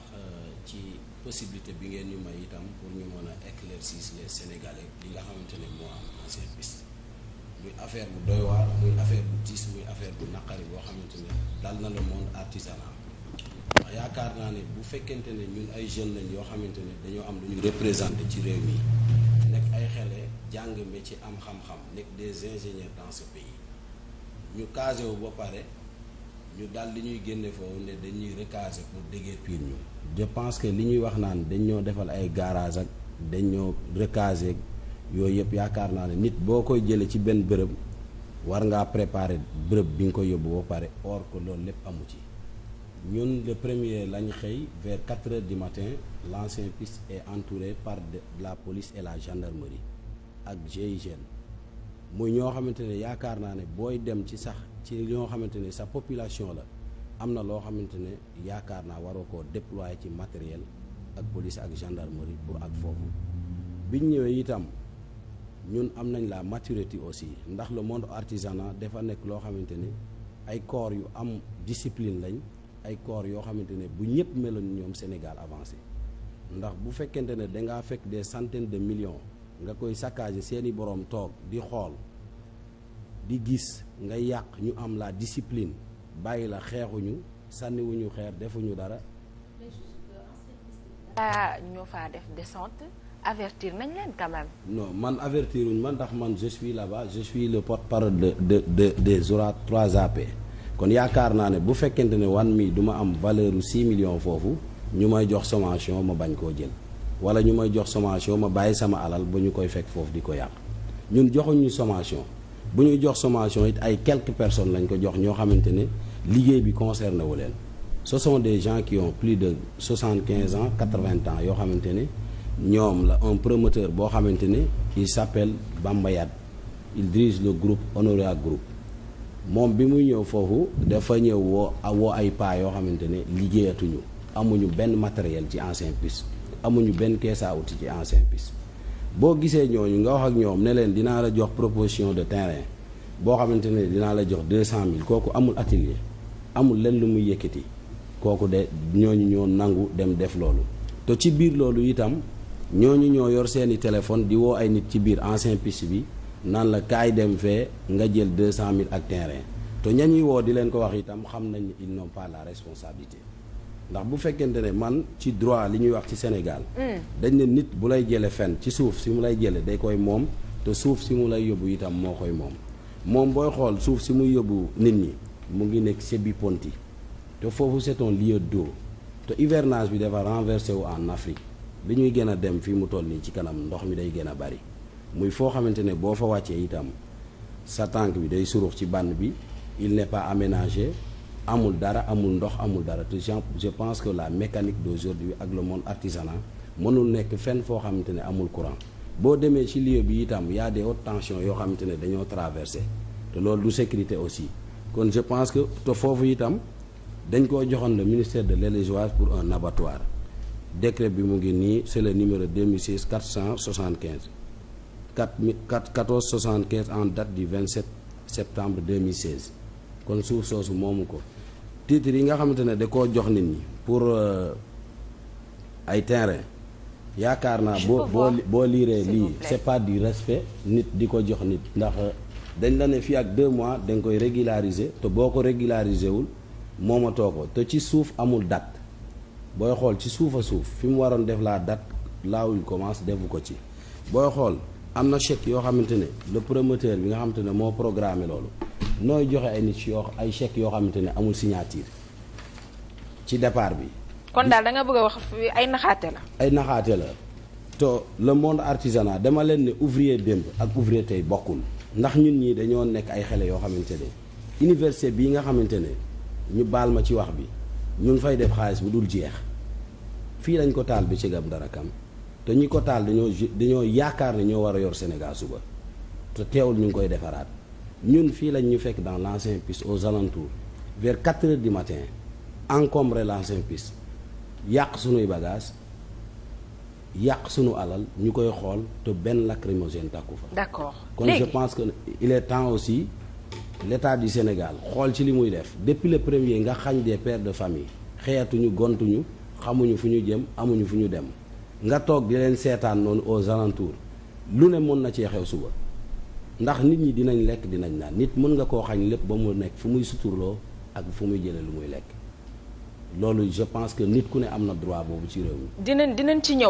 baax euh, ci possibilité bi ngeen ñu may itam pour ñu mën a éclaircir les Sénégalais li nga xamante ne moo am en service muy affaire bu doy muy affaire bu tiis muy affaire bu naqari boo xamante ne dal na le monde artisanal wax yaakaar naa ne bu fekkente ne ñun ay jeunes lañ yoo xamante ne dañoo am lu ñu représenté ci réew mi nekk ay xale jàng ci am xam-xam nekk des ingénieurs dans ce pays ñu casé wu ba pare. ñu daal di ñuy génne foofu ne dañuy recaser pour déguerpir ñu. je pense que li ñuy wax naan dañ ñoo defal ay garage ak dañ ñoo recaser yooyu yëpp yaakaar naa ne nit boo koy jëlee ci benn bërëb war ngaa préparer bërëb bi nga ko yóbbu ba pare or que loolu lépp amu ci. ñun le premier lañ xëy vers quatre heures du matin l'ancien piste est entouré par de la police et la gendarmerie ak GIGN. muy ñoo xamante ne yaakaar naa ne booy dem ci sax ci ñoo xamante ne sa population la am na loo xamante ne yaakaar naa waroo ko déployer ci matériel ak police ak gendarmerie pour ak foofu biñ ñëwee itam ñun am nañ la maturité aussi ndax le monde artisanal defa nekk loo xamante ne ay corps yu am discipline lañ ay corps yoo xamante ne bu ñëpp meloon ñoom Sénégal avancé ndax bu fekkente ne dangaa fekk des centaines de millions nga koy saccager seeni boroom toog di xool di gis nga yàq ñu am la discipline bàyyi la xeexuñu sànniwuñu xeer defuñu dara. Ah, ñoo faa def avertir nañ leen quand même. non man avertiruñ man ndax man je suis là-bas le porte-parole de de de des trois 3AP kon yaakaar naa ne bu fekkente ne wan mi du am valeur u 6 foofu ñu may jox sommation ma bañ koo jël. wala ñu may jox sommation ma bàyyi sama alal bu ñu koy fekk foofu di ko yàq ñun joxuñu sommation bu ñuy jox sommation it ay quelques personnes lañ ko jox ñoo xamante ne liggéey bi concerné wu leen ce sont des gens qui ont plus de soixante quinze ans quatre vingt ans yoo xamante ne ñoom la un promoteur boo xamante ne il s'appelle Bambayat il dirige le groupe Honoria Group moom bi muy ñëw foofu dafa ñëw woo woo ay paa yoo xamante ne liggéeyatuñu amuñu benn matériel ci ancien piste amuñu benn caisse à outils ci ancien piste boo gisee ñooñu nga wax ak ñoom ne leen dinaa la jox proposition de terrain boo xamante ne dinaa la jox deux cent mille kooku amul atelier amul leen lu mu yëkkati kooku de ñooñu ñoo nangu dem def loolu te ci biir loolu itam ñoo ñu ñoo yor seeni téléphone di woo ay nit ci biir ancien piste bi nan la kaay dem fee nga jël deux cent mille ak terrain te ña ñuy woo di leen ko wax itam xam nañ ils n'ont pas la responsabilité ndax bu fekkente ne man ci droit li ñuy wax ci Sénégal. Hmm. dañ ne nit bu lay jëlee fenn ci suuf si mu lay jëlee day koy moom te suuf si mu lay yóbbu itam moo koy moom moom booy xool suuf si muy yóbbu nit ñi mu ngi nekk Sébi Ponti te foofu c'est un lieu d'eau te hivernage bi dafa renversé wu en Afrique bi ñuy gën a dem fii mu toll nii ci kanam ndox mi day gën a bari muy foo xamante ne boo fa wàccee itam sa tànk bi day surux ci bànn bi il n'est pas aménagé. amul dara amul ndox amul dara te je pense que la mécanique d'aujourd'hui ak le monde artisanal mënul nekk fenn foo xamante ne amul courant boo demee ci lieu bi itam y a des hautes yoo xamante ne dañoo traversé te loolu du sécurité aussi kon je pense que te foofu itam dañ koo joxoon le ministère de l'élevage pour un abattoir décret bi mu ngi nii c'est le numéro 2006 475 4 1475 en date du 27 septembre 2016 kon suuf soosu moomu ko titre yi nga xamante ne da koo jox nit ñi pour euh, ay terrain yaakaar naa boo boo boo liiree lii c'est pas du respect nit di ko jox nit ndax euh, dañ la ne fii ak deux mois dañ koy régulariser te boo ko régulariser wul moomatoo ko te ci suuf amul date booy xool ci suuf a suuf fi mu waroon def la date laawuñ commence defu ko ci booy xool am na chèque yoo xamante ne le promoteur bi nga xamante ne moo programmé loolu nooy joxe ay nit yoo ay chèques yoo xamante ne amul signature ci départ bi. kon daal da nga bëgg a wax ay naxaate la. ay naxaate la to le monde artisanat dama leen ne ouvrier démb ak ouvrier tey bokkul ndax ñun ñii dañoo nekk ay xele yoo xamante ne université bii nga xamante ne ñu baal ma ci wax bi ñu ngi fay def xaalis bu dul jeex fii lañ ko taal bi ci gam dara kam te ko taal dañoo dañoo yaakaar ne ñoo war a yor Sénégal suba te teewul ñu ngi koy defaraat. ñun fii lañ ñu fekk dans l'ancien piste aux alentours vers quatre heures du matin encombré l'ancien piste yàq sunuy bagages yàq sunu alal ñu koy xool te benn lacrymogène tàkku fa. d'accord kon je pense que il est temps aussi l'État du Sénégal xool ci li muy def depuis le premier nga xañ de pères de famille xëyatuñu gontuñu xamuñu fu ñu jëm amuñu fu ñu dem nga toog di leen seetaan noonu aux alentours lu ne mën na cee xew suba. ndax nit ñi dinañ lekk dinañ naan nit mën nga koo xañ lépp ba mu nekk fu muy suturloo ak fu muy jëlee lu muy lekk loolu je pense que nit ku ne am na droit boobu ci réew mi. dinañ dinañ ci ñëw.